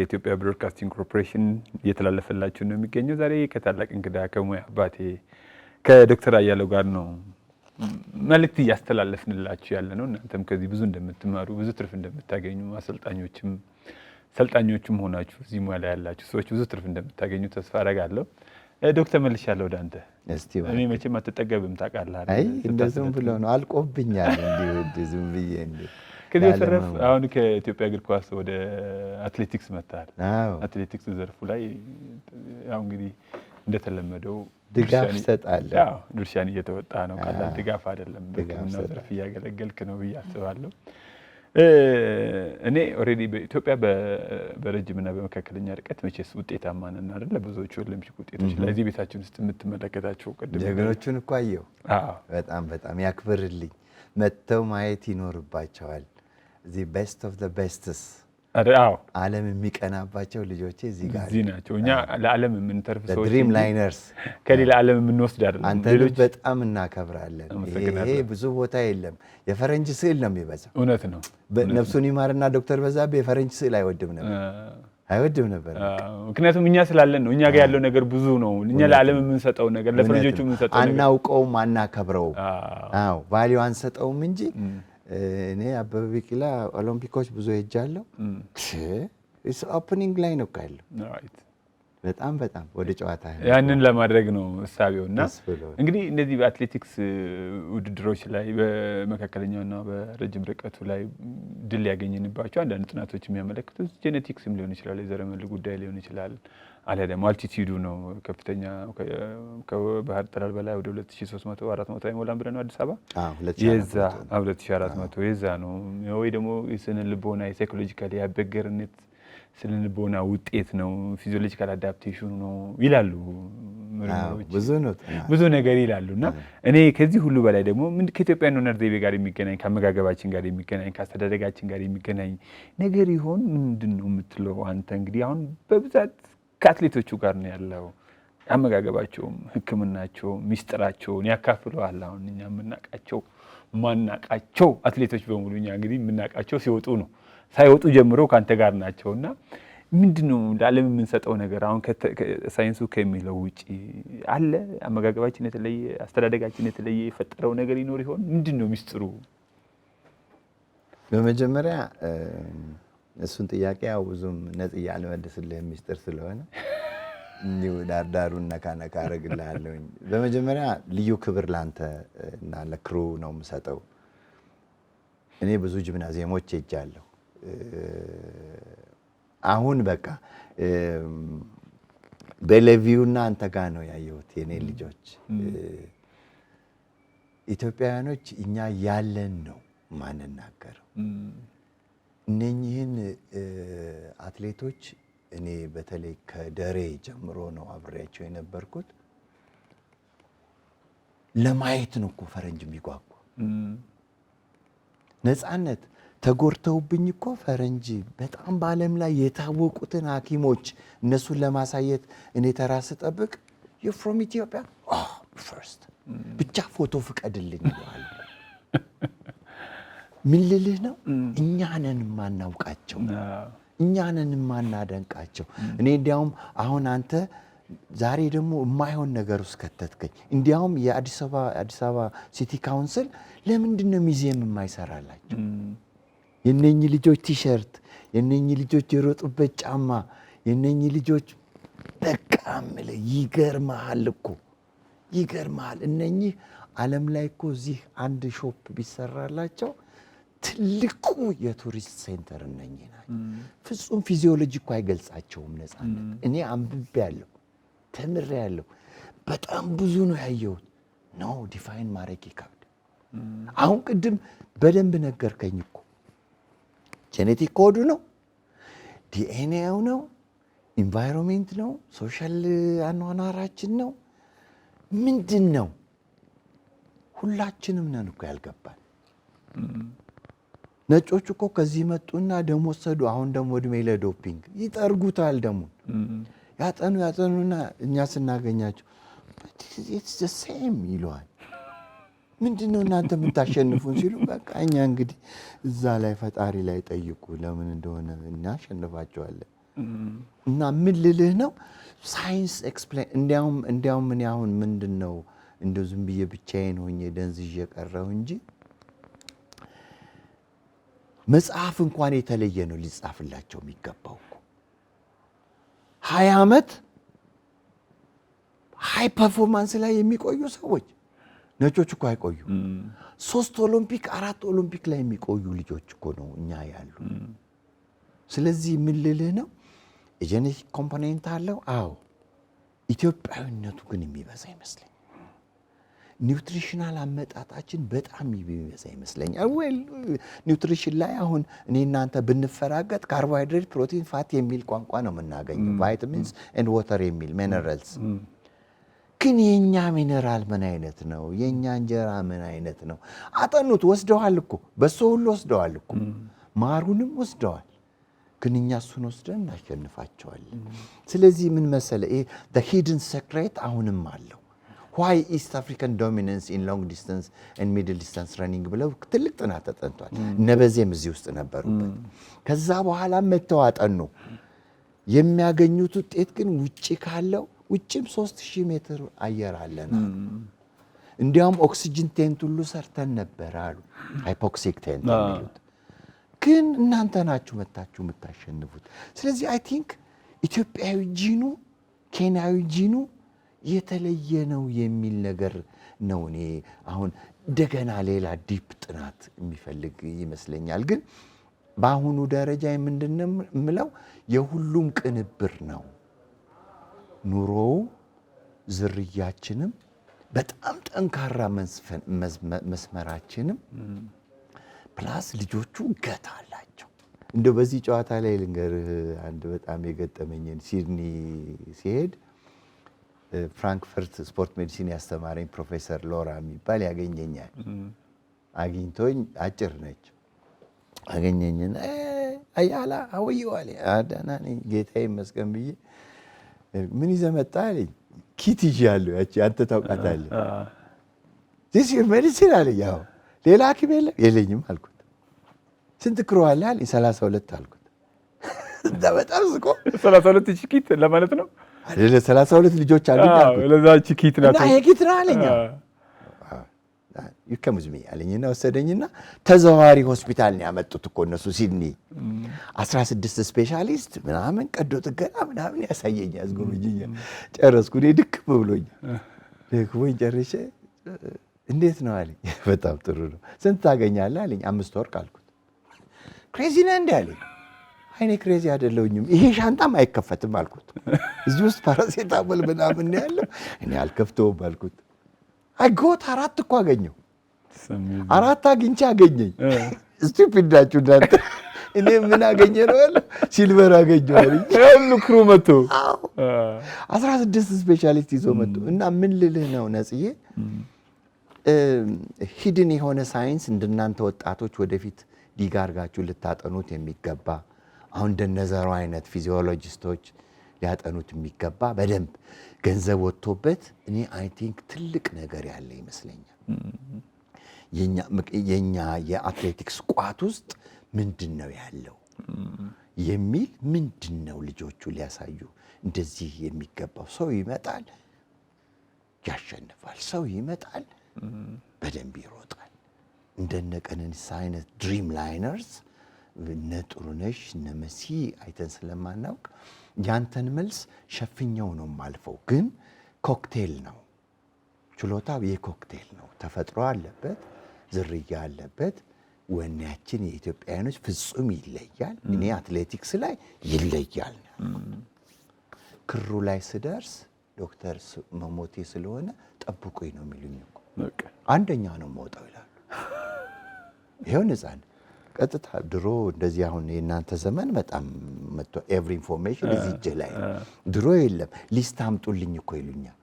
የኢትዮጵያ ብሮድካስቲንግ ኮርፖሬሽን እየተላለፈላችሁ ነው የሚገኘው። ዛሬ ከታላቅ እንግዳ ከሙያ አባቴ ከዶክተር አያለው ጋር ነው መልእክት እያስተላለፍንላችሁ ያለ ነው። እናንተም ከዚህ ብዙ እንደምትማሩ ብዙ ትርፍ እንደምታገኙ አሰልጣኞችም ሰልጣኞቹም ሆናችሁ እዚህ ሙያ ላይ ያላችሁ ሰዎች ብዙ ትርፍ እንደምታገኙ ተስፋ አረጋለሁ። ዶክተር መልሻለሁ ወደ አንተ። እኔ መቼም አትጠገብም ታውቃለህ። እንደዝም ብሎ ነው አልቆብኛል። እንዲሁ ዝም ብዬ ከዚህ በተረፈ አሁን ከኢትዮጵያ እግር ኳስ ወደ አትሌቲክስ መጥተሃል። አትሌቲክስ ዘርፉ ላይ ያው እንግዲህ እንደተለመደው ድጋፍ እሰጣለሁ። ድርሻን እየተወጣ ነው። ቀላል ድጋፍ አይደለም። በሕክምና ዘርፍ እያገለገልክ ነው ብዬ አስባለሁ። እኔ ኦልሬዲ በኢትዮጵያ በረጅምና በመካከለኛ ርቀት መቼስ ውጤታማ ነን አይደለ? ብዙዎቹ ኦሎምፒክ ውጤቶች ላይ እዚህ ቤታችን ውስጥ የምትመለከታቸው ቅድም ጀግኖቹን እኮ አየሁ። በጣም በጣም ያክብርልኝ። መጥተው ማየት ይኖርባቸዋል። ዚ ቤስት ኦፍ ዘ ቤስትስ ዓለም የሚቀናባቸው ልጆቼ እዚህ ጋር ናቸው። እኛ ለዓለም የምንተርፍ ሰዎች ድሪም ላይነርስ ከሌላ ዓለም የምንወስድ አይደለም። አንተን በጣም እናከብራለን። ይሄ ብዙ ቦታ የለም። የፈረንጅ ስዕል ነው የሚበዛው። እውነት ነው። ነፍሱን ይማርና ዶክተር በዛብህ የፈረንጅ ስዕል አይወድም ነበር አይወድም ነበር። ምክንያቱም እኛ ስላለን ነው። እኛ ጋር ያለው ነገር ብዙ ነው። እኛ ለዓለም የምንሰጠው ነገር ለፈረንጆቹ የምንሰጠው አናውቀውም፣ አናከብረውም፣ ቫሊዩ አንሰጠውም እንጂ እኔ አበበ ቢቂላ ኦሎምፒኮች ብዙ ሄጃለሁ። ኦፕኒንግ ላይ ነው ካለው በጣም በጣም ወደ ጨዋታ ያንን ለማድረግ ነው እሳቤው። እና እንግዲህ እንደዚህ በአትሌቲክስ ውድድሮች ላይ በመካከለኛውና በረጅም ርቀቱ ላይ ድል ያገኘንባቸው አንዳንድ ጥናቶች የሚያመለክቱት ጄኔቲክስም ሊሆን ይችላል፣ የዘረመል ጉዳይ ሊሆን ይችላል አሊያ ደግሞ አልቲቲዩዱ ነው ከፍተኛ ከባህር ጠለል በላይ ወደ 2300 400 አይሞላም ብለን ነው አዲስ አበባ የዛ 2400 የዛ ነው ወይ ደግሞ የስነ ልቦና የሳይኮሎጂካል የአበገርነት ስነ ልቦና ውጤት ነው ፊዚዮሎጂካል አዳፕቴሽኑ ነው ይላሉ ብዙ ነገር ይላሉ። እና እኔ ከዚህ ሁሉ በላይ ደግሞ ከኢትዮጵያ ኦነር ዘይቤ ጋር የሚገናኝ ከአመጋገባችን ጋር የሚገናኝ ከአስተዳደጋችን ጋር የሚገናኝ ነገር ይሆን ምንድን ነው የምትለው አንተ? እንግዲህ አሁን በብዛት ከአትሌቶቹ ጋር ነው ያለው። አመጋገባቸውም፣ ሕክምናቸውም ሚስጥራቸውን ያካፍለዋል። አሁን እኛ የምናቃቸው ማናቃቸው አትሌቶች በሙሉ እኛ እንግዲህ የምናቃቸው ሲወጡ ነው። ሳይወጡ ጀምሮ ከአንተ ጋር ናቸው እና ምንድን ነው ለዓለም የምንሰጠው ነገር አሁን ሳይንሱ ከሚለው ውጭ አለ? አመጋገባችን የተለየ፣ አስተዳደጋችን የተለየ የፈጠረው ነገር ይኖር ይሆን? ምንድን ነው ሚስጥሩ? በመጀመሪያ እሱን ጥያቄ ያው ብዙም ነጽያ ልመልስልህ ሚስጥር ስለሆነ እንዲሁ ዳርዳሩን ነካ ነካ አደርግልሃለሁኝ። በመጀመሪያ ልዩ ክብር ላንተ እና ለክሩ ነው የምሰጠው። እኔ ብዙ ጅምናዚየሞች ሄጃለሁ። አሁን በቃ በሌቪው እና አንተ ጋ ነው ያየሁት። የኔ ልጆች ኢትዮጵያውያኖች እኛ ያለን ነው ማንናገር እነኚህን አትሌቶች እኔ በተለይ ከደሬ ጀምሮ ነው አብሬያቸው የነበርኩት። ለማየት ነው እኮ ፈረንጅ የሚጓጉ ነፃነት ተጎድተውብኝ እኮ ፈረንጅ በጣም በዓለም ላይ የታወቁትን ሐኪሞች እነሱን ለማሳየት እኔ ተራ ስጠብቅ ፍሮም oh, ኢትዮጵያ ብቻ ፎቶ ፍቀድልኝ ይለዋል። ምን ልልህ ነው እኛንን የማናውቃቸው እኛንን የማናደንቃቸው። እኔ እንዲያውም አሁን አንተ ዛሬ ደግሞ የማይሆን ነገር ውስጥ ከተትከኝ። እንዲያውም የአዲስ አበባ ሲቲ ካውንስል ለምንድን ነው ሚዚየም የማይሰራላቸው? የነኝ ልጆች ቲሸርት፣ የነኝ ልጆች የሮጡበት ጫማ፣ የነኝ ልጆች በቃ ምል ይገርመሃል እኮ ይገርመሃል። እነኚህ ዓለም ላይ እኮ እዚህ አንድ ሾፕ ቢሰራላቸው ትልቁ የቱሪስት ሴንተር እነኚህ ናቸው። ፍጹም ፊዚዮሎጂ እኮ አይገልጻቸውም። ነፃነት እኔ አንብቤ ያለሁ ተምሬ ያለሁ በጣም ብዙ ነው ያየሁት። ነው ዲፋይን ማድረግ ይከብድ። አሁን ቅድም በደንብ ነገርከኝ እኮ ጄኔቲክ ኮዱ ነው፣ ዲኤንኤው ነው፣ ኢንቫይሮንሜንት ነው፣ ሶሻል አኗኗራችን ነው። ምንድን ነው ሁላችንም ነን እኮ ያልገባል ነጮቹ እኮ ከዚህ መጡና ደሞ ወሰዱ። አሁን ደግሞ እድሜ ለዶፒንግ ይጠርጉታል። ደሞ ያጠኑ ያጠኑና እኛ ስናገኛቸው ሴም ይለዋል። ምንድን ነው እናንተ የምታሸንፉን ሲሉ፣ በቃ እኛ እንግዲህ እዛ ላይ ፈጣሪ ላይ ጠይቁ ለምን እንደሆነ እናሸንፋቸዋለን። እና ምን ልልህ ነው ሳይንስ ኤክስፕሌን እንዲያውም እንዲያውም እኔ አሁን ምንድን ነው እንደው ዝም ብዬ ብቻዬን ሆኜ ደንዝዤ ቀረሁ እንጂ መጽሐፍ እንኳን የተለየ ነው ሊጻፍላቸው የሚገባው እኮ ሀያ ዓመት ሀይ ፐርፎርማንስ ላይ የሚቆዩ ሰዎች ነጮች እኮ አይቆዩ። ሶስት ኦሎምፒክ አራት ኦሎምፒክ ላይ የሚቆዩ ልጆች እኮ ነው እኛ ያሉ። ስለዚህ ምን ነው የጄኔቲክ ኮምፖኔንት አለው። አዎ ኢትዮጵያዊነቱ ግን የሚበዛ ይመስለኝ ኒውትሪሽናል አመጣጣችን በጣም የሚበዛ ይመስለኛል። ወይ ኒውትሪሽን ላይ አሁን እኔ እናንተ ብንፈራገጥ ካርቦሃይድሬት፣ ፕሮቲን፣ ፋት የሚል ቋንቋ ነው የምናገኘው። ቫይታሚንስ ኤንድ ወተር የሚል ሚነራልስ። ግን የእኛ ሚነራል ምን አይነት ነው? የእኛ እንጀራ ምን አይነት ነው? አጠኑት። ወስደዋል እኮ በሶ ሁሉ ወስደዋል እኮ ማሩንም ወስደዋል። ግን እኛ እሱን ወስደን እናሸንፋቸዋለን። ስለዚህ ምን መሰለ ይሄ ሂድን ሰክሬት አሁንም አለው ዋይ ኢስት አፍሪካን ዶሚናንስ ኢን ሎንግ ዲስታንስ ኤንድ ሚድል ዲስታንስ ረኒንግ ብለው ትልቅ ጥናት ተጠንቷል። ነበዜም እዚህ ውስጥ ነበሩበት። ከዛ በኋላ መተው አጠኑ። የሚያገኙት ውጤት ግን ውጭ ካለው ውጭም ሶስት ሺህ ሜትር አየር አለና እንዲያውም ኦክሲጅን ቴንት ሁሉ ሰርተን ነበር አሉ። ሃይፖክሲክ ቴንት የሚሉት ግን እናንተ ናችሁ መታችሁ የምታሸንፉት። ስለዚህ አይ ቲንክ ኢትዮጵያዊ ጂኑ ኬንያዊ ጂኑ የተለየ ነው የሚል ነገር ነው። እኔ አሁን እንደገና ሌላ ዲፕ ጥናት የሚፈልግ ይመስለኛል። ግን በአሁኑ ደረጃ ምንድን የምለው የሁሉም ቅንብር ነው። ኑሮው ዝርያችንም በጣም ጠንካራ መስመራችንም ፕላስ ልጆቹ ገታ አላቸው። እንደው በዚህ ጨዋታ ላይ ልንገርህ አንድ በጣም የገጠመኝን ሲድኒ ሲሄድ ፍራንክፈርት ስፖርት ሜዲሲን ያስተማረኝ ፕሮፌሰር ሎራ የሚባል ያገኘኛል። አግኝቶኝ አጭር ነች። አገኘኝና አያላ አወየዋል አዳና ጌታ ይመስገን ብዬ ምን ይዘህ መጣ አለኝ። ኪት ይዤ አለሁ። ያቺ አንተ ታውቃታለህ። ዚስ ዩር ሜዲሲን አለኝ። ያው ሌላ ሐኪም የለም የለኝም አልኩት። ስንት ክሮዋለህ አለኝ። ሰላሳ ሁለት አልኩት። በጣም ስቆ ሰላሳ ሁለት ኪት ለማለት ነው አይደለ ሰላሳ ሁለት ልጆች አሉ ለዛች ኪት ናት አለኛ ይከሙዝሚ አለኝና ወሰደኝና ተዘዋዋሪ ሆስፒታል ነው ያመጡት እኮ እነሱ ሲድኒ አስራ ስፔሻሊስት ምናምን ቀዶ ጥገና ምናምን ያሳየኝ ያስጎበኝኛ ጨረስኩ እኔ ድክም ብሎኝ ደክሞኝ ጨርሼ እንዴት ነው አለኝ በጣም ጥሩ ነው ስንት ታገኛለህ አለኝ አምስት ወርቅ አልኩት ክሬዚ ነህ እንዲህ አለኝ እኔ ክሬዚ አይደለሁኝም፣ ይሄ ሻንጣም አይከፈትም አልኩት። እዚህ ውስጥ ፓራሴታሞል ምናምን ያለው እኔ አልከፍተውም አልኩት። አይጎት አራት እኮ አገኘው። አራት አግኝቼ አገኘኝ። ስቱፒድ ናችሁ እናንተ። እኔ ምን አገኘ ነው ያለ ሲልቨር አገኘሁ ሁሉ ክሩ መቶ አስራ ስድስት ስፔሻሊስት ይዞ መጡ። እና ምን ልልህ ነው ነጽዬ፣ ሂድን የሆነ ሳይንስ እንደናንተ ወጣቶች ወደፊት ዲጋርጋችሁ ልታጠኑት የሚገባ አሁን እንደነዘሩ አይነት ፊዚዮሎጂስቶች ሊያጠኑት የሚገባ በደንብ ገንዘብ ወጥቶበት እኔ አይ ቲንክ ትልቅ ነገር ያለ ይመስለኛል። የኛ የአትሌቲክስ ቋት ውስጥ ምንድን ነው ያለው የሚል ምንድን ነው ልጆቹ ሊያሳዩ እንደዚህ የሚገባው ሰው ይመጣል፣ ያሸንፋል። ሰው ይመጣል፣ በደንብ ይሮጣል። እንደነ ቀነኒሳ አይነት ድሪም ላይነርስ እነ ጥሩነሽ እነ መሲ አይተን ስለማናውቅ ያንተን መልስ ሸፍኛው ነው የማልፈው። ግን ኮክቴል ነው ችሎታ፣ የኮክቴል ነው ተፈጥሮ አለበት፣ ዝርያ አለበት። ወኔያችን የኢትዮጵያውያኖች ፍጹም ይለያል። እኔ አትሌቲክስ ላይ ይለያል። ክሩ ላይ ስደርስ ዶክተር መሞቴ ስለሆነ ጠብቁኝ ነው የሚሉኝ። አንደኛ ነው መውጣው ይላሉ። ይኸው ነጻነት ቀጥታ ድሮ እንደዚህ አሁን የእናንተ ዘመን በጣም መጥቶ ኤቭሪ ኢንፎርሜሽን እዚህ እጅህ ላይ ድሮ የለም ሊስት አምጡልኝ እኮ ይሉኛል።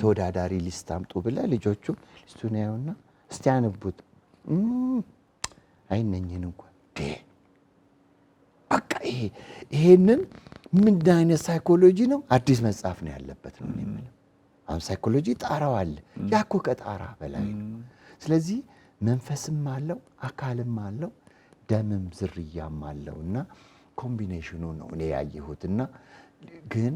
ተወዳዳሪ ሊስት አምጡ ብለህ ልጆቹ ሊስቱን ያዩና እስቲ አንቡት አይነኝን እንኳን በቃ ይሄ ይሄንን ምን አይነት ሳይኮሎጂ ነው? አዲስ መጽሐፍ ነው ያለበት ነው የምለው። አሁን ሳይኮሎጂ ጣራው አለ፣ ያኮ ከጣራ በላይ ነው። ስለዚህ መንፈስም አለው አካልም አለው ደምም ዝርያም አለው እና ኮምቢኔሽኑ ነው እኔ ያየሁት እና ግን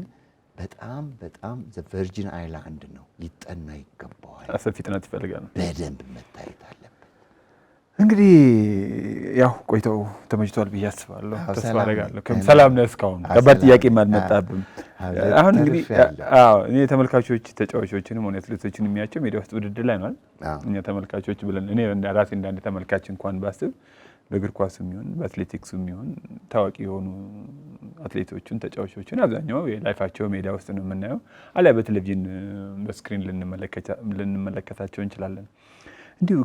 በጣም በጣም ቨርጂን አይላንድ ነው፣ ሊጠና ይገባዋል። ሰፊ ጥናት ይፈልጋል፣ በደንብ መታየት አለበት። እንግዲህ ያው ቆይተው ተመችቷል ብዬ አስባለሁ፣ ተስፋ አደርጋለሁ። ሰላም ነህ? እስካሁን ከባድ ጥያቄ አልመጣብም። አሁን እንግዲህ እኔ ተመልካቾች ተጫዋቾችንም ሆነ አትሌቶችን የሚያቸው ሜዳ ውስጥ ውድድር ላይ ነዋል። እኛ ተመልካቾች ብለን እኔ ራሴ እንዳንድ ተመልካች እንኳን ባስብ በእግር ኳስ የሚሆን በአትሌቲክስ የሚሆን ታዋቂ የሆኑ አትሌቶችን ተጫዋቾችን አብዛኛው የላይፋቸው ሜዲያ ውስጥ ነው የምናየው፣ አሊያ በቴሌቪዥን በስክሪን ልንመለከታቸው እንችላለን። እንዲሁ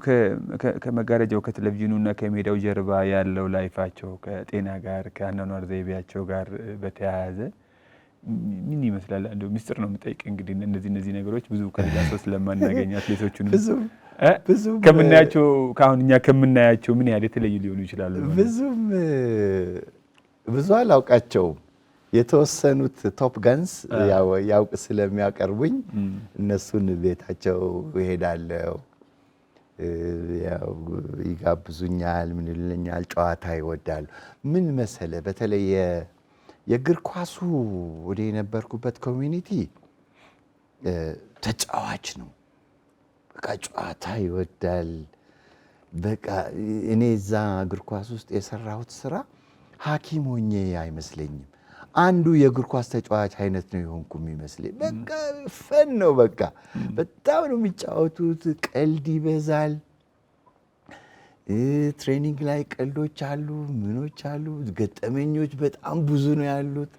ከመጋረጃው ከቴሌቪዥኑ እና ከሜዳው ጀርባ ያለው ላይፋቸው ከጤና ጋር ከአኗኗር ዘይቤያቸው ጋር በተያያዘ ምን ይመስላል? እንደው ሚስጥር ነው የምጠይቅ እንግዲህ እነዚህ እነዚህ ነገሮች ብዙ ከሌላ ሰው ስለማናገኝ አትሌቶቹንም ከምናያቸው ከአሁን እኛ ከምናያቸው ምን ያህል የተለዩ ሊሆኑ ይችላሉ? ብዙም ብዙ አላውቃቸውም። የተወሰኑት ቶፕ ጋንስ ያውቅ ስለሚያቀርቡኝ እነሱን ቤታቸው እሄዳለሁ፣ ይጋብዙኛል፣ ምን ይሉኛል። ጨዋታ ይወዳሉ። ምን መሰለ በተለይ የእግር ኳሱ ወደ የነበርኩበት ኮሚኒቲ ተጫዋች ነው በቃ ጨዋታ ይወዳል። በቃ እኔ እዛ እግር ኳስ ውስጥ የሰራሁት ስራ ሐኪም ሆኜ አይመስለኝም። አንዱ የእግር ኳስ ተጫዋች አይነት ነው የሆንኩ የሚመስለኝ። በቃ ፈን ነው። በቃ በጣም ነው የሚጫወቱት። ቀልድ ይበዛል። ትሬኒንግ ላይ ቀልዶች አሉ፣ ምኖች አሉ፣ ገጠመኞች በጣም ብዙ ነው ያሉት።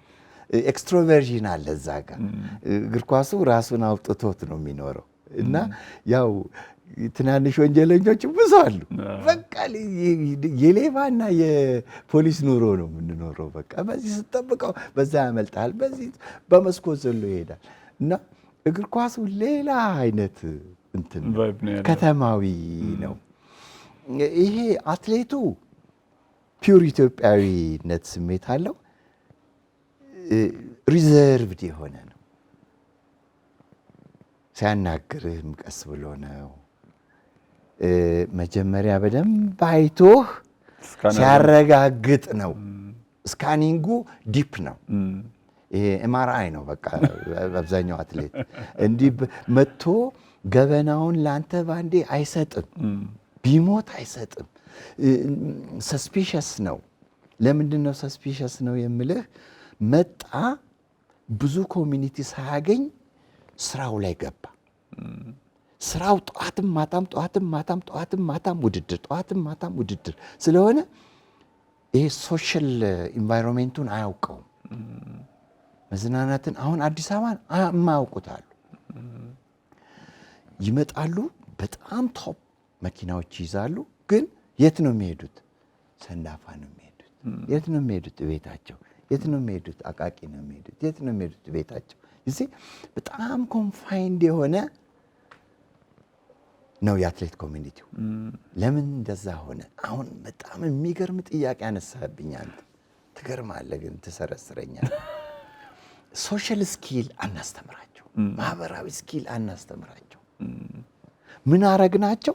ኤክስትሮቨርዥን አለ እዛ ጋር። እግር ኳሱ ራሱን አውጥቶት ነው የሚኖረው። እና ያው ትናንሽ ወንጀለኞች ብዙ አሉ። በቃ የሌባና የፖሊስ ኑሮ ነው የምንኖረው። በቃ በዚህ ስጠብቀው በዛ ያመልጣል፣ በዚህ በመስኮት ዘሎ ይሄዳል እና እግር ኳሱ ሌላ አይነት እንትን ከተማዊ ነው። ይሄ አትሌቱ ፒውር ኢትዮጵያዊነት ስሜት አለው። ሪዘርቭድ የሆነ ነው። ሲያናግርህም ቀስ ብሎ ነው። መጀመሪያ በደንብ አይቶህ ሲያረጋግጥ ነው። ስካኒንጉ ዲፕ ነው። ይሄ ኤምአርአይ ነው። በቃ አብዛኛው አትሌት እንዲህ መጥቶ ገበናውን ለአንተ ባንዴ አይሰጥም። ቢሞት አይሰጥም። ሰስፒሸስ ነው። ለምንድን ነው ሰስፒሸስ ነው የምልህ? መጣ ብዙ ኮሚኒቲ ሳያገኝ ስራው ላይ ገባ። ስራው ጠዋትም ማታም ጠዋትም ማታም ጠዋትም ማታም ውድድር ጠዋትም ማታም ውድድር ስለሆነ ይሄ ሶሻል ኢንቫይሮንሜንቱን አያውቀውም። መዝናናትን አሁን አዲስ አበባን የማያውቁታሉ። ይመጣሉ፣ በጣም ቶፕ መኪናዎች ይይዛሉ። ግን የት ነው የሚሄዱት? ሰንዳፋ ነው የሚሄዱት። የት ነው የሚሄዱት? ቤታቸው። የት ነው የሚሄዱት? አቃቂ ነው የሚሄዱት። የት ነው የሚሄዱት? ቤታቸው እዚህ በጣም ኮንፋይንድ የሆነ ነው የአትሌት ኮሚኒቲው። ለምን እንደዛ ሆነ? አሁን በጣም የሚገርም ጥያቄ አነሳብኝ አንተ። ትገርማለህ ግን ትሰረስረኛል። ሶሻል ስኪል አናስተምራቸው፣ ማህበራዊ ስኪል አናስተምራቸው። ምን አረግናቸው?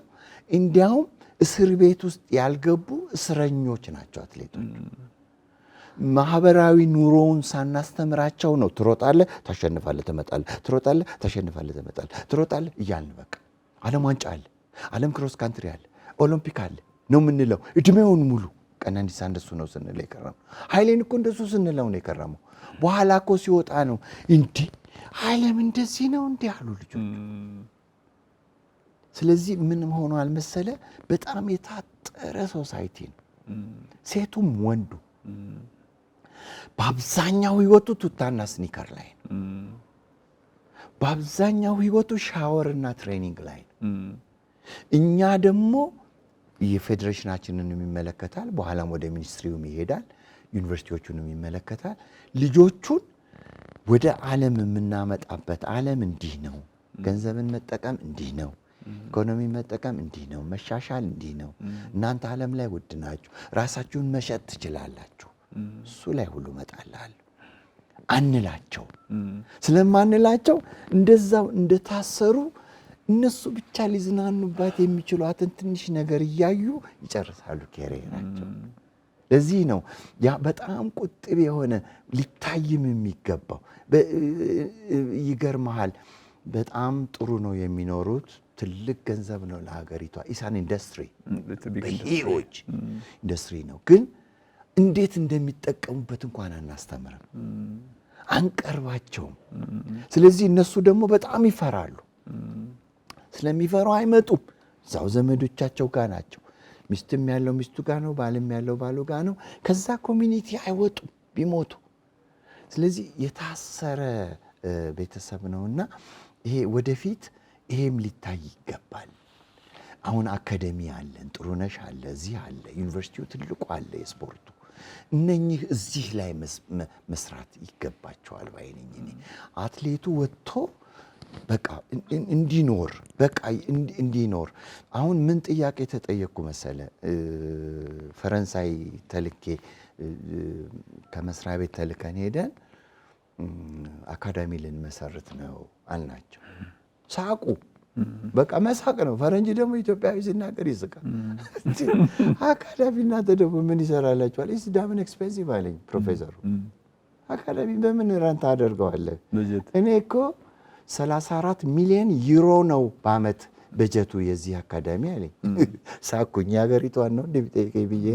እንዲያውም እስር ቤት ውስጥ ያልገቡ እስረኞች ናቸው አትሌቶች። ማህበራዊ ኑሮውን ሳናስተምራቸው ነው። ትሮጣለ ታሸንፋለ ትመጣለህ፣ ትሮጣለ ታሸንፋለ ትመጣለህ፣ ትሮጣለ እያልን በቃ ዓለም ዋንጫ አለ፣ ዓለም ክሮስ ካንትሪ አለ፣ ኦሎምፒክ አለ ነው የምንለው እድሜውን ሙሉ። ቀነኒሳ እንደሱ ነው ስንለው የከረመው። ኃይሌን እኮ እንደሱ ስንለው ነው የከረመው። በኋላ እኮ ሲወጣ ነው እንዲህ ዓለም እንደዚህ ነው እንዲህ አሉ ልጆች። ስለዚህ ምን ሆኖ አልመሰለ፣ በጣም የታጠረ ሶሳይቲ ነው ሴቱም ወንዱ በአብዛኛው ህይወቱ ቱታና ስኒከር ላይ ነው። በአብዛኛው ህይወቱ ሻወርና ትሬኒንግ ላይ ነው። እኛ ደግሞ የፌዴሬሽናችንን ይመለከታል፣ በኋላም ወደ ሚኒስትሪውም ይሄዳል፣ ዩኒቨርሲቲዎቹንም ይመለከታል። ልጆቹን ወደ ዓለም የምናመጣበት ዓለም እንዲህ ነው፣ ገንዘብን መጠቀም እንዲህ ነው፣ ኢኮኖሚ መጠቀም እንዲህ ነው፣ መሻሻል እንዲህ ነው፣ እናንተ ዓለም ላይ ውድ ናችሁ፣ ራሳችሁን መሸጥ ትችላላችሁ እሱ ላይ ሁሉ መጣላል አንላቸው። ስለማንላቸው እንደዛው እንደታሰሩ እነሱ ብቻ ሊዝናኑባት የሚችሏትን ትንሽ ነገር እያዩ ይጨርሳሉ ናቸው። ለዚህ ነው ያ በጣም ቁጥብ የሆነ ሊታይም የሚገባው። ይገርመሃል፣ በጣም ጥሩ ነው የሚኖሩት። ትልቅ ገንዘብ ነው ለሀገሪቷ ኢሳን ኢንዱስትሪ በሺዎች ኢንዱስትሪ ነው ግን እንዴት እንደሚጠቀሙበት እንኳን አናስተምርም፣ አንቀርባቸውም። ስለዚህ እነሱ ደግሞ በጣም ይፈራሉ። ስለሚፈሩ አይመጡም። እዛው ዘመዶቻቸው ጋር ናቸው። ሚስትም ያለው ሚስቱ ጋር ነው፣ ባልም ያለው ባሉ ጋር ነው። ከዛ ኮሚኒቲ አይወጡም ቢሞቱ። ስለዚህ የታሰረ ቤተሰብ ነውና ይሄ ወደፊት ይሄም ሊታይ ይገባል። አሁን አካደሚ አለን፣ ጥሩነሽ አለ፣ እዚህ አለ፣ ዩኒቨርሲቲው ትልቁ አለ የስፖርቱ እነኚህ እዚህ ላይ መስራት ይገባቸዋል ባይ እኔ። አትሌቱ ወጥቶ በቃ እንዲኖር በቃ እንዲኖር። አሁን ምን ጥያቄ ተጠየቅኩ መሰለ? ፈረንሳይ ተልኬ ከመስሪያ ቤት ተልከን ሄደን አካዳሚ ልንመሰርት ነው አልናቸው። ሳቁ። በቃ መሳቅ ነው። ፈረንጅ ደግሞ ኢትዮጵያዊ ሲናገር ይስቃል። አካዳሚ እናንተ ደግሞ ምን ይሰራላችኋል? ስ ዳምን ኤክስፔንሲቭ አለኝ ፕሮፌሰሩ። አካዳሚ በምን ረንት አደርገዋለህ? እኔ እኮ 34 ሚሊዮን ዩሮ ነው በአመት በጀቱ የዚህ አካዳሚ አለኝ። ሳኩኝ ሀገሪቷን ነው እንደሚጠይቀኝ ብዬ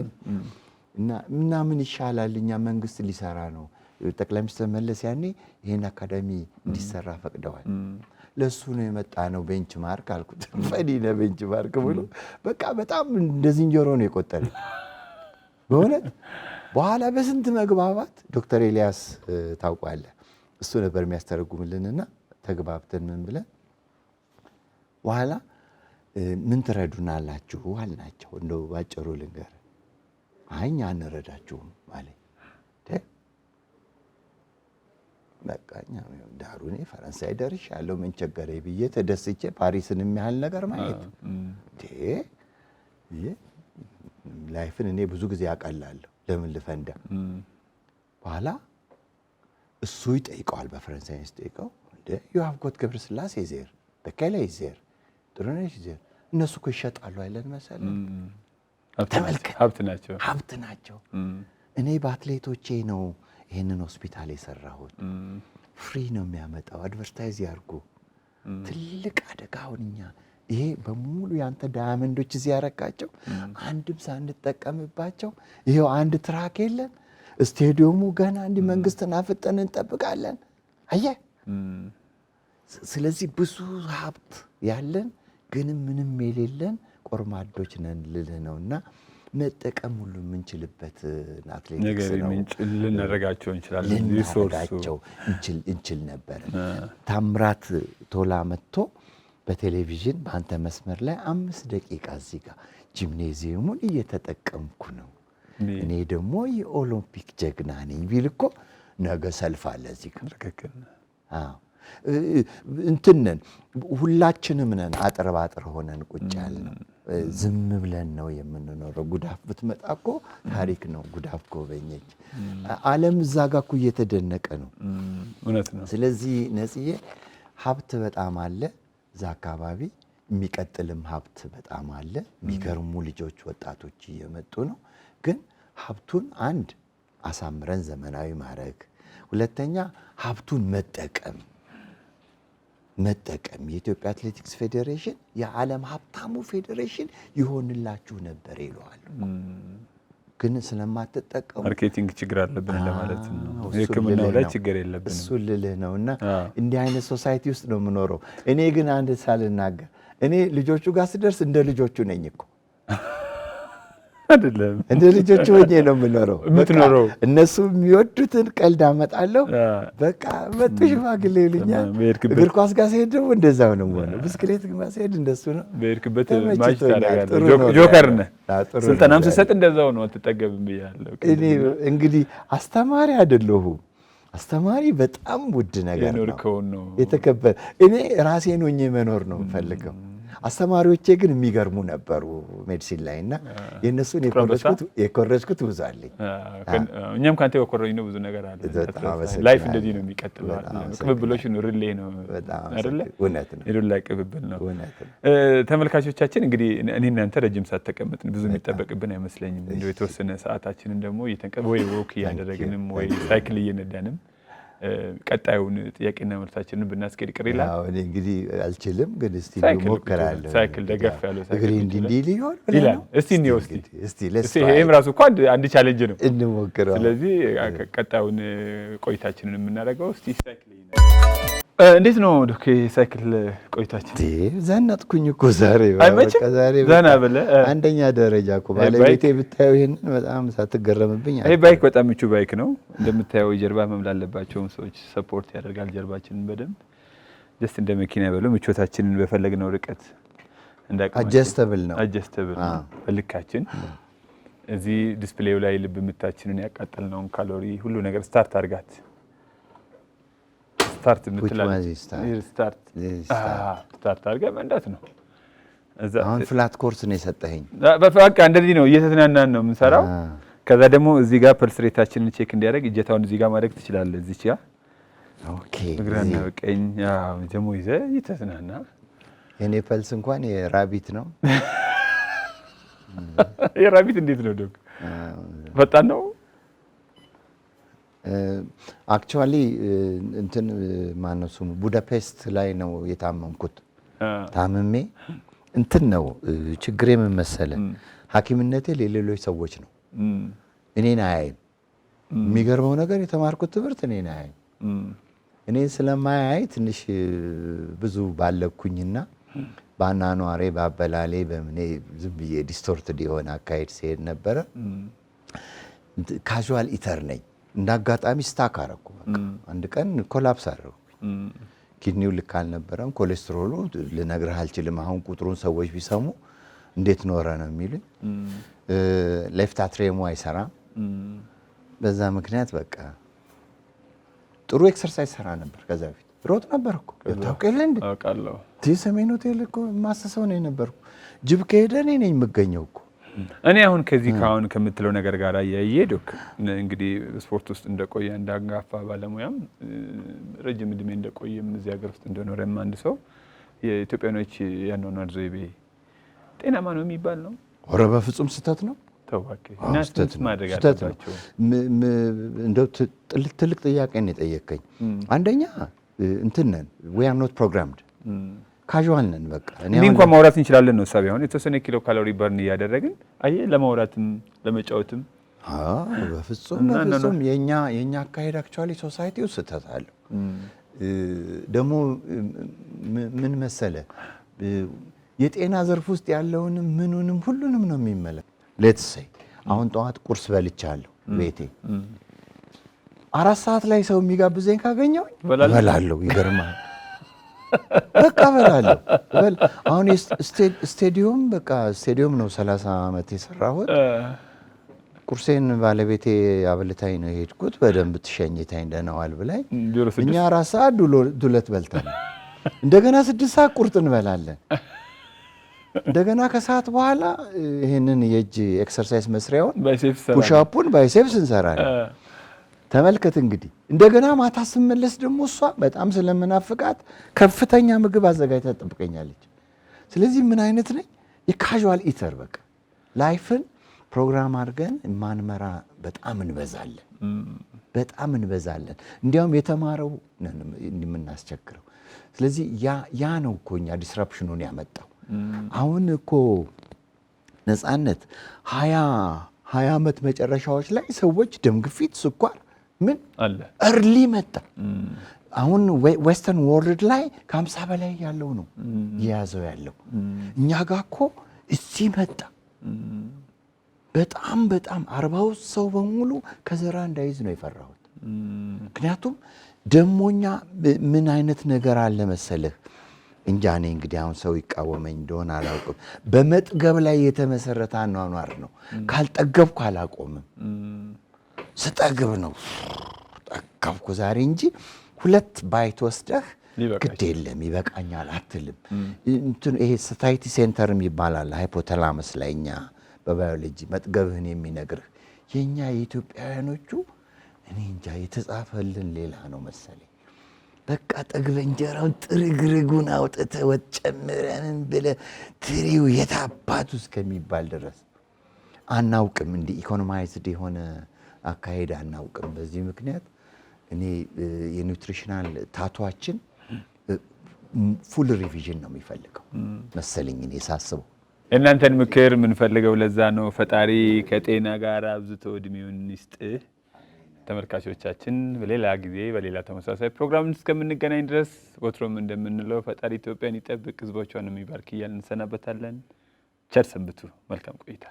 እና ምናምን ይሻላል እኛ መንግስት ሊሰራ ነው። ጠቅላይ ሚኒስትር መለስ ያኔ ይህን አካዳሚ እንዲሰራ ፈቅደዋል። ለእሱ ነው የመጣ ነው ቤንች ማርክ አልኩት። ፈኒ ቤንችማርክ ቤንች ማርክ ብሎ በቃ በጣም እንደ ዝንጀሮ ነው የቆጠረ በእውነት። በኋላ በስንት መግባባት ዶክተር ኤልያስ ታውቋለ እሱ ነበር የሚያስተረጉምልንና ተግባብተን ምን ብለን በኋላ ምን ትረዱናላችሁ አልናቸው። እንደው ባጭሩ ልንገር፣ አይ እኛ አንረዳችሁም አለኝ በቃኛ ዳሩኔ ፈረንሳይ ደርሻለሁ ምን ቸገረኝ ብዬ ተደስቼ ፓሪስን የሚያህል ነገር ማየት ላይፍን እኔ ብዙ ጊዜ ያቀላለሁ። ለምን ልፈንዳ? በኋላ እሱ ይጠይቀዋል በፈረንሳይ ስጠይቀው ዮሐፍጎት ገብረ ስላሴ ዜር በከላይ ዜር ጥሩነሽ ዜር እነሱ እኮ ይሸጣሉ አይለን መሰለ ሀብት ናቸው ሀብት ናቸው። እኔ በአትሌቶቼ ነው ይህንን ሆስፒታል የሰራሁት ፍሪ ነው የሚያመጣው። አድቨርታይዝ ያርጉ። ትልቅ አደጋ አሁን እኛ ይሄ በሙሉ ያንተ ዳያመንዶች እዚህ ያረካቸው አንድም ሳንጠቀምባቸው ይሄው አንድ ትራክ የለን። ስቴዲየሙ ገና እንዲህ መንግስትን አፍጠን እንጠብቃለን። አየ ስለዚህ ብዙ ሀብት ያለን ግን ምንም የሌለን ቆርማዶች ነን ልልህ ነው እና መጠቀም ሁሉ የምንችልበት አትሌቲክስ ነው። ልናደርጋቸው እንችላለን ልናደርጋቸው እንችል ነበር። ታምራት ቶላ መጥቶ በቴሌቪዥን በአንተ መስመር ላይ አምስት ደቂቃ እዚህ ጋር ጂምኔዚየሙን እየተጠቀምኩ ነው እኔ ደግሞ የኦሎምፒክ ጀግና ነኝ ቢል እኮ ነገ ሰልፍ አለ እዚህ ጋር እንትንን ሁላችንም ነን አጥር ባጥር ሆነን ቁጭ ያልነው። ዝም ብለን ነው የምንኖረው። ጉዳፍ ብትመጣ እኮ ታሪክ ነው። ጉዳፍ ጎበኘች ዓለም እዛ ጋ እኮ እየተደነቀ ነው። እውነት ነው። ስለዚህ ነጽዬ ሀብት በጣም አለ እዛ አካባቢ፣ የሚቀጥልም ሀብት በጣም አለ። የሚገርሙ ልጆች ወጣቶች እየመጡ ነው። ግን ሀብቱን አንድ አሳምረን ዘመናዊ ማድረግ፣ ሁለተኛ ሀብቱን መጠቀም መጠቀም የኢትዮጵያ አትሌቲክስ ፌዴሬሽን የዓለም ሀብታሙ ፌዴሬሽን ይሆንላችሁ ነበር ይለዋል። ግን ስለማትጠቀሙ ማርኬቲንግ ችግር አለብን ለማለት ነው። ሕክምናው ላይ ችግር የለብን እሱ ልልህ ነው። እና እንዲህ አይነት ሶሳይቲ ውስጥ ነው የምኖረው። እኔ ግን አንድ ሳልናገር እኔ ልጆቹ ጋር ስደርስ እንደ ልጆቹ ነኝ እኮ አይደለም እንደ ልጆች ሆኜ ነው የምኖረው። የምትኖረው እነሱ የሚወዱትን ቀልድ አመጣለሁ። በቃ መጡ ሽማግሌ ይሉኛል። እግር ኳስ ጋር ሲሄድ ደግሞ እንደዛው ነው የምሆነው። ብስክሌት ጋር ሲሄድ እንደሱ ነው። በሄድክበት ጆከር ነህ። ስልጠናም ስሰጥ እንደዛው ነው። አትጠገብም ብያለሁ። እኔ እንግዲህ አስተማሪ አይደለሁም። አስተማሪ በጣም ውድ ነገር ነው። የተከበረ እኔ ራሴን ሆኜ መኖር ነው የምፈልገው። አስተማሪዎቼ ግን የሚገርሙ ነበሩ ሜዲሲን ላይ እና የእነሱን የኮረጅኩት ብዙ አለኝ። እኛም ከአንተ የኮረጅ ነው ብዙ ነገር አለ። ላይፍ እንደዚህ ነው የሚቀጥለው። ቅብብሎች ሪሌ ነው አይደለ? የዱላ ቅብብል ነው። ተመልካቾቻችን እንግዲህ እኔ እናንተ ረጅም ሰዓት ተቀመጥን፣ ብዙ የሚጠበቅብን አይመስለኝም። እንደው የተወሰነ ሰዓታችንን ደግሞ ወይ ወክ እያደረግንም ወይ ሳይክል እየነዳንም ቀጣዩን ጥያቄና መልሳችንን ብናስገድ ቅር ይላል። እንግዲህ አልችልም፣ ግን እስቲ ሞክራለሁ። ሳይክል ደገፍ ያለ እግሬ እንዲህ እንዲህ ሊሆን ይላል። እስቲ እንየው፣ እስቲ ይህም ራሱ እኮ አንድ ቻሌንጅ ነው፣ እንሞክረው። ስለዚህ ቀጣዩን ቆይታችንን የምናደርገው እስቲ ሳይክል እንዴት ነው ዶክ ሳይክል ቆይታችን? ዘናጥኩኝ እኮ ዛሬ ዘና ብለህ አንደኛ ደረጃ እኮ ባለቤቴ ብታየው ይህንን በጣም ሳትገረምብኝ። ይሄ ባይክ በጣም ምቹ ባይክ ነው እንደምታየው፣ የጀርባ ህመም ላለባቸውም ሰዎች ሰፖርት ያደርጋል ጀርባችንን በደንብ ደስ እንደ መኪና ያበለው ምቾታችንን በፈለግነው ርቀት አጀስተብል ነው አጀስተብል በልካችን እዚህ ዲስፕሌው ላይ ልብ ምታችንን ያቃጠልነውን ካሎሪ ሁሉ ነገር ስታርት አድርጋት ስታርት ስታርት አድርገህ መንዳት ነው። አሁን ፍላት ኮርስ ነው የሰጠኸኝ። በቃ እንደዚህ ነው እየተዝናናን ነው የምንሰራው። ከዛ ደግሞ እዚህ ጋር ፐልስ ሬታችንን ቼክ እንዲያደርግ እጀታውን እዚህ ጋር ማድረግ ትችላለህ። እዚች ጋ ግራና ቀኝ ደግሞ ይዘህ እየተዝናና የኔ ፐልስ እንኳን የራቢት ነው። የራቢት እንዴት ነው ዶክ? ፈጣን ነው አክቹዋሊ እንትን ማነሱ ቡዳፔስት ላይ ነው የታመምኩት። ታምሜ እንትን ነው ችግሬ ምን መሰለ፣ ሐኪምነቴ ለሌሎች ሰዎች ነው፣ እኔን አያይም። የሚገርመው ነገር የተማርኩት ትምህርት እኔን አያይም። እኔ ስለማያይ ትንሽ ብዙ ባለኩኝና በአናኗሬ በአበላሌ በምኔ ዝም ብዬ ዲስቶርትድ የሆነ አካሄድ ሲሄድ ነበረ። ካዥዋል ኢተር ነኝ እንደ አጋጣሚ ስታክ አረኩ። አንድ ቀን ኮላፕስ አደረጉ። ኪድኒው ልክ አልነበረም። ኮሌስትሮሉ ልነግርህ አልችልም። አሁን ቁጥሩን ሰዎች ቢሰሙ እንዴት ኖረ ነው የሚሉኝ። ሌፍት አትሪየሙ አይሰራም። በዛ ምክንያት በቃ ጥሩ ኤክሰርሳይዝ ሰራ ነበር። ከዛ በፊት ሮጥ ነበር እኮ ታውቅ የለ እንዴ? ሰሜን ሆቴል እኮ ማሰሰው ነው የነበርኩ። ጅብ ከሄደ እኔ ነኝ የምገኘው እኮ እኔ አሁን ከዚህ ከአሁን ከምትለው ነገር ጋር አያይዤ ዶክ እንግዲህ ስፖርት ውስጥ እንደቆየ እንዳንጋፋ ባለሙያም ረጅም እድሜ እንደቆየም እዚህ ሀገር ውስጥ እንደኖረም አንድ ሰው የኢትዮጵያኖች ያኗኗር ዘይቤ ጤናማ ነው የሚባል ነው? ኧረ በፍጹም ስህተት ነው። እንደው ትልቅ ጥያቄ ነው የጠየቀኝ። አንደኛ እንትን ነን ዊ አር ኖት ፕሮግራምድ ካዥዋል ነን በቃ። እኔ እንኳን ማውራት እንችላለን ነው ሳቢ። አሁን የተወሰነ ኪሎ ካሎሪ በርን እያደረግን አየ ለማውራትም ለመጫወትም። በፍጹም በፍጹም። የእኛ የእኛ አካሄድ አክቹዋሊ ሶሳይቲው ስህተት አለ። ደግሞ ምን መሰለ የጤና ዘርፍ ውስጥ ያለውንም ምኑንም ሁሉንም ነው የሚመለክ ሌትሰይ አሁን ጠዋት ቁርስ በልቻለሁ ቤቴ አራት ሰዓት ላይ ሰው የሚጋብዘኝ ካገኘው በላለሁ። ይገርማል በቃ እበላለሁ። አሁን ስቴዲየም በቃ ስቴዲየም ነው 30 ዓመት የሰራሁት። ቁርሴን ባለቤቴ አብልታኝ ነው የሄድኩት። በደንብ ትሸኝታኝ ደህና ዋል ብላኝ እኛ አራት ሰዓት ዱለት በልተን እንደገና ስድስት ሰዓት ቁርጥ እንበላለን። እንደገና ከሰዓት በኋላ ይህንን የእጅ ኤክሰርሳይዝ መስሪያውን ፑሻፑን ባይሴፕስ እንሰራለን። ተመልከት እንግዲህ እንደገና ማታ ስመለስ ደግሞ እሷ በጣም ስለምናፍቃት ከፍተኛ ምግብ አዘጋጅታ ትጠብቀኛለች። ስለዚህ ምን አይነት ነኝ? የካዥዋል ኢተር በቃ ላይፍን ፕሮግራም አድርገን ማንመራ በጣም እንበዛለን፣ በጣም እንበዛለን። እንዲያውም የተማረው የምናስቸግረው። ስለዚህ ያ ነው እኮ እኛ ዲስራፕሽኑን ያመጣው። አሁን እኮ ነፃነት ሀያ ሀያ ዓመት መጨረሻዎች ላይ ሰዎች ደም ግፊት፣ ስኳር ምን እርሊ መጣ። አሁን ዌስተርን ወርልድ ላይ ከሀምሳ በላይ ያለው ነው የያዘው ያለው እኛ ጋ እኮ እዚህ መጣ። በጣም በጣም አርባው ሰው በሙሉ ከዘራ እንዳይዝ ነው የፈራሁት። ምክንያቱም ደሞኛ ምን አይነት ነገር አለ መሰለህ እንጃ እኔ እንግዲህ አሁን ሰው ይቃወመኝ እንደሆነ አላውቅም። በመጥገብ ላይ የተመሰረተ አኗኗር ነው። ካልጠገብኩ አላቆምም ስጠግብ ነው ጠገብኩ ዛሬ እንጂ ሁለት ባይት ወስደህ ግድ የለም ይበቃኛል አትልም። ይሄ ስታይቲ ሴንተርም ይባላል ሃይፖተላመስ ላይ እኛ በባዮሎጂ መጥገብህን የሚነግርህ የእኛ የኢትዮጵያውያኖቹ እኔ እንጃ የተጻፈልን ሌላ ነው መሰለኝ። በቃ ጠግበ እንጀራውን ጥርግርጉን አውጥተ ወጥ ጨምረንን ብለ ትሪው የታባቱ እስከሚባል ድረስ አናውቅም እንዲህ ኢኮኖማይዝድ የሆነ አካሄድ አናውቅም። በዚህ ምክንያት እኔ የኒውትሪሽናል ታቷችን ፉል ሪቪዥን ነው የሚፈልገው መሰለኝ እኔ ሳስበው። እናንተን ምክር የምንፈልገው ለዛ ነው። ፈጣሪ ከጤና ጋር አብዝቶ እድሜውን ይስጥህ። ተመልካቾቻችን በሌላ ጊዜ በሌላ ተመሳሳይ ፕሮግራም እስከምንገናኝ ድረስ ወትሮም እንደምንለው ፈጣሪ ኢትዮጵያን ይጠብቅ፣ ህዝቦቿን የሚባርክ እያልን እንሰናበታለን። ቸር ሰንብቱ። መልካም ቆይታ